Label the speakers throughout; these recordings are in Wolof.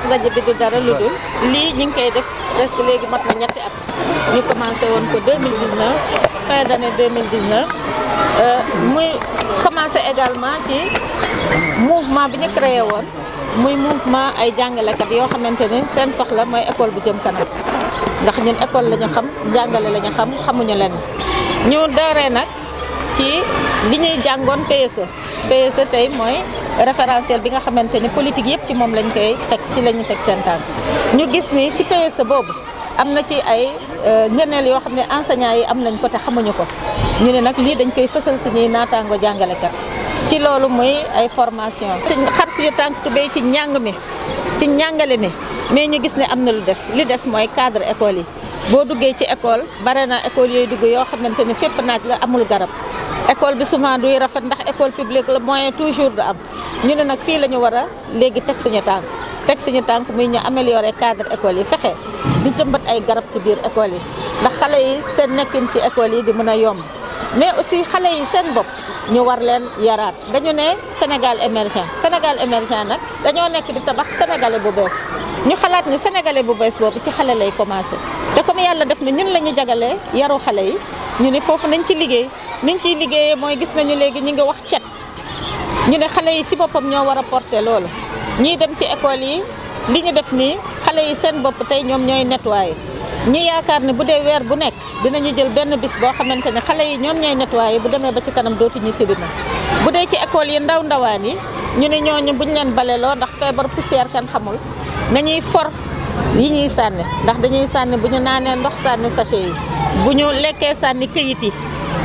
Speaker 1: gis ndaje bi du dara lu dul lii ñu ngi koy def presque léegi mat na ñetti at ñu commencé woon ko 2019 fin d' année 2019 muy commencé également ci mouvement bi ñu créé woon muy mouvement ay jàngalekat yoo xamante ni seen soxla mooy école bu jëm kanam ndax ñun école la ñu xam jàngale la ñu xam xamuñu leen ñu daaree nag ci li ñuy jàngoon PSE PSE tey mooy référentiel bi nga xamante ni politique yëpp ci moom lañ koy teg ci lañu teg seen tànk ñu gis ni ci PSE boobu am na ci ay euh, ngëneel yoo xam ne enseignants yi am nañ ko te xamuñu ko ñu ne nag lii dañ koy fësal suñuy jàngale jàngalekat ci loolu muy ay formation ci si suñu tànk tubéy ci njàng mi ci njàngale mi mais ñu gis ne am na lu des li des mooy cadre école yi boo duggee ci école bare na école yooyu dugg yoo xamante ni fépp naaj la amul garab école bi souvent duy rafet ndax école publique la moyen toujours du am ñu ne nag fii la ñu war a léegi teg suñu tànk teg suñu tànk muy ñu améliorer cadre école yi fexe di jëmbat ay garab ci biir école yi ndax xale yi seen nekkin ci école yi di mën a yomb mais aussi xale yi seen bopp ñu war leen yaraat dañu ne Sénégal émergent Sénégal émergent nag dañoo nekk di tabax sénégalais bu bees ñu xalaat ni sénégalais bu bees boobu ci xale lay commencé te comme yàlla def la ñu jagalee yaru xale yi ñu ni foofu nañ liggéey niñ ciy liggéeyee mooy gis nañu léegi ñi ngi wax cet ñu ne xale yi si boppam ñoo war a porter loolu ñiy dem ci école yi li ñu def nii xale yi seen bopp tey ñoom ñooy nettoyer ñu yaakaar ne bu dee weer bu nekk ñu jël benn bis boo xamante ne xale yi ñoom ñooy nettoyer bu demee ba ci kanam ñu tirima bu dee ci école yi ndaw ndawaan yi ñu ne ñooñu ñu leen baleloo ndax feebar poussière kan xamul nañuy for yi ñuy sànni ndax dañuy sànni bu ñu naanee ndox sànni sachet yi bu ñu lekkee sànni këyit yi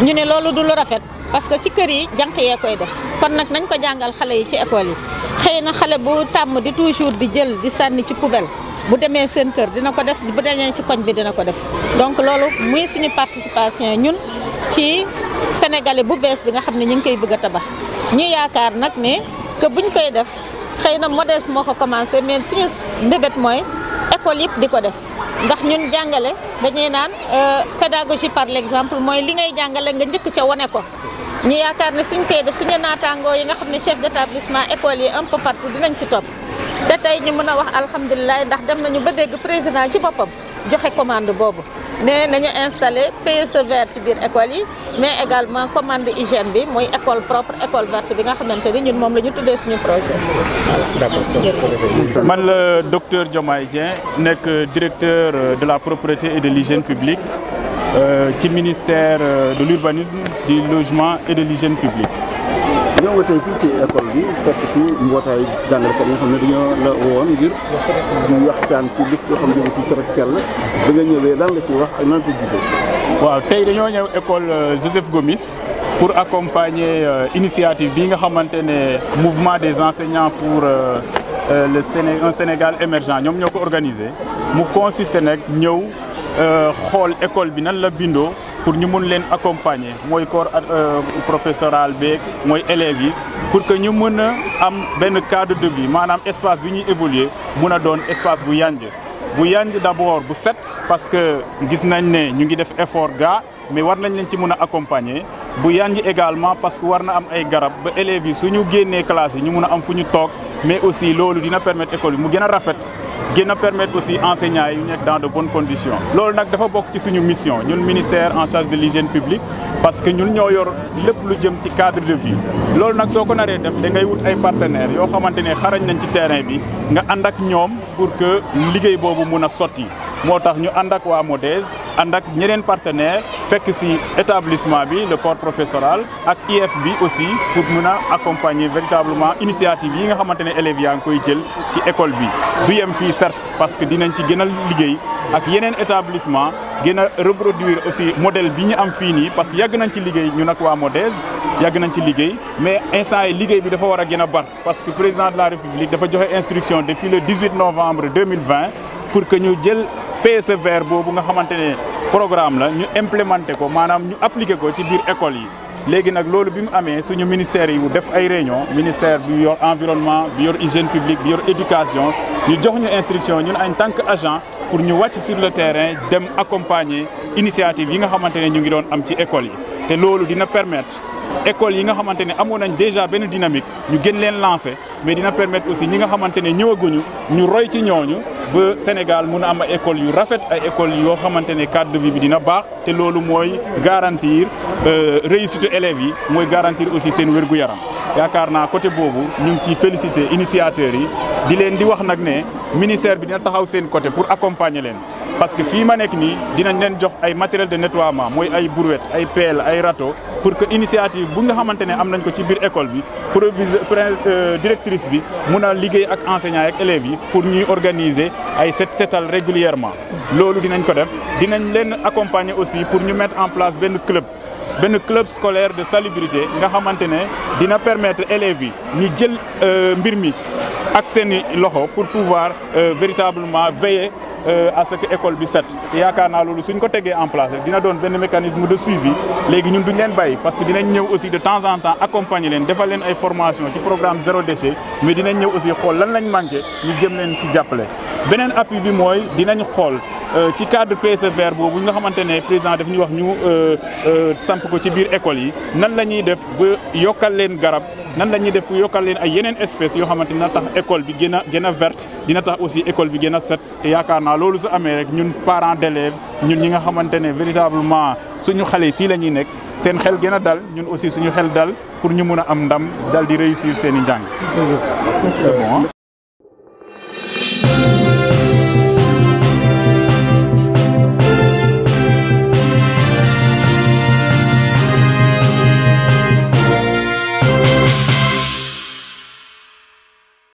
Speaker 1: ñu ne loolu du lu rafet parce que ci kër yi jànq yee koy def kon nag nañ ko jàngal xale yi ci école yi xëy na xale bu tàmm di toujours di jël di sànni ci poubelle bu demee seen kër dina ko def bu demee ci koñ bi dina ko def donc loolu muy suñu participation ñun ci sénégali bu bees bi nga xam ne ñu ngi koy bëgg a tabax ñu yaakaar nag ni que buñ koy def xëy na modeste moo ko commencé mais suñu mbébét mooy école yëpp di ko def ndax ñun jàngale dañuy naan euh, pédagogie par l'exemple mooy li ngay jàngale nga njëkk ca wane ko ñu yaakaar ni suñ koy def suñu naataangoo yi nga xam ne chef d'établissement école yi un peu partout dinañ ci topp te tey ñu mën a wax alhamdulilah ndax dem nañu ba dégg président ci boppam joxe commande boobu ne nañu installé PSE vert ci biir école yi mais également commande hygiène bi mooy école propre école verte bi nga xamante ni ñun moom la ñu tuddee suñu projet voilà
Speaker 2: man la docteur Diomaye Dieng nekk directeur de la propreté et de l'hygiène publique euh, ci ministère euh, de l'urbanisme du logement et de l'hygiène publique bi fekk ci mbootaay jàngalekat yi nga xam ne dañoo la woon ngir ñu waxtaan ci lépp yoo xam ne ci cër ak cell da nga ñëwee lan nga ci wax ak nan ko gisee waaw tey dañoo ñëw école euh, Joseph Gomis pour accompagner euh, initiative bi nga xamante ne mouvement des enseignants pour euh, le Séné Sénégal émergent ñoom ñoo ko organisé mu consiste nag ñëw xool école bi nan la bindoo pour ñu mun leen accompagner mooy corps euh, professoral beeg mooy élèves yi pour que ñu mën a am benn cadre de vie maanaam espace bi ñuy évoluer mun a doon espace bu yànj bu yànj d'abord bu set parce que gis nañ ne ñu ngi def effort ga mais war nañ leen ci mën a accompagner bu yànji également parce que war na am ay garab ba élèves yi su ñu génnee classe yi ñu mun a am fu ñu toog mais aussi loolu dina permettre école bi mu gën a rafet gën a permettre aussi enseignants yu nekk dans de bonnes conditions. loolu nag dafa bokk ci suñu mission ñun ministère en charge de l'hygiène publique parce que ñun ñoo yor lépp lu jëm ci cadre de vie loolu nag soo ko naree def da wut ay partenaires yoo xamante ne xarañ nañ ci terrain bi nga ànd ak ñoom pour que liggéey boobu mun a sotti. moo tax ñu ànd ak waa MODES ànd ak ñeneen partenaire fekk ci établissement bi le corps professoral ak IF bi aussi pour mën a accompagner véritablement initiative yi nga xamante ne élèves yaa ngi koy jël ci école bi du yem fii certes parce que dinañ ci gën a liggéey ak yeneen établissement gën a reproduire aussi modèle bi ñu am fii nii parce que yàgg nañ ci liggéey ñu nag waa MODES yàgg nañ ci liggéey mais instant yi liggéey bi dafa war a gën a bar parce que président de la république dafa joxe instruction depuis le 18 novembre 2020 jël PSE boobu nga xamante ne programme la ñu implémenté ko maanaam ñu appliqué ko ci biir école yi léegi nag loolu bi mu amee suñu ministère yi def ay réunion ministère bi yor environnement bi yor hygiène publique bi yor éducation ñu jox ñu instruction ñun en tant que agent pour ñu wàcc sur le terrain dem accompagner initiative yi nga xamante ne ñu ngi doon am ci école yi te loolu dina permettre école yi nga xamante ne amoon nañ déjà benn dynamique ñu gën leen lancer mais dina permettre aussi ñi nga xamante ne ñëwaguñu ñu roy ci ñooñu ba Sénégal mun a am ay écoles yu rafet ay écoles yoo xamante ne cadre de bi dina baax te loolu mooy garantir euh, réussite élèves yi mooy garantir aussi seen wérgu yaram yaakaar naa côté boobu ñu ngi ciy féliciter initiateurs yi di leen di wax nag ne ministère bi dina taxaw seen côté pour accompagner leen. parce que fii ma nekk nii dinañ leen jox ay matériel de nettoiement mooy ay brouette ay pelle ay râteau pour que initiative bu nga xamante ne am nañ ko ci biir école bi proviseur euh, directrice bi mun a liggéey ak enseignants ak élèves yi pour ñuy organiser ay set setal régulièrement loolu dinañ ko def dinañ leen accompagner aussi pour ñu mettre en place benn club benn club scolaire de salibrité nga xamante ne dina permettre élèves yi ñu jël euh, mbir mi ak seen loxo pour pouvoir euh, véritablement veiller Euh, à ce que école bi set yaakaar naa loolu suñ ko tegee en place dina doon benn mécanisme de suivi léegi ñun duñ leen bàyyi parce que dinañ ñëw aussi de temps en temps accompagner leen defal leen ay formation ci programme zéro déchet mais dinañ ñëw aussi xool lan lañ manqué ñu jëm leen ci jàppale beneen appui bi mooy dinañ xool euh, ci cadre PSE vert boobu nga xamante ne président daf ñu wax ñu euh, euh, samp ko ci biir école yi nan la ñuy def ba yokkal leen garab nan la ñuy def ba yokkal leen ay yeneen espèces yoo xamante na tax école bi gën gën a verte dina tax aussi école bi gën a set te yaakaar naa loolu su amee rek ñun parents d'élèves ñun ñi nga xamante ne véritablement suñu xale yi fii la ñuy nekk seen xel gën a dal ñun aussi suñu xel dal pour ñu mun a am ndam dal di réussir seen i njàng.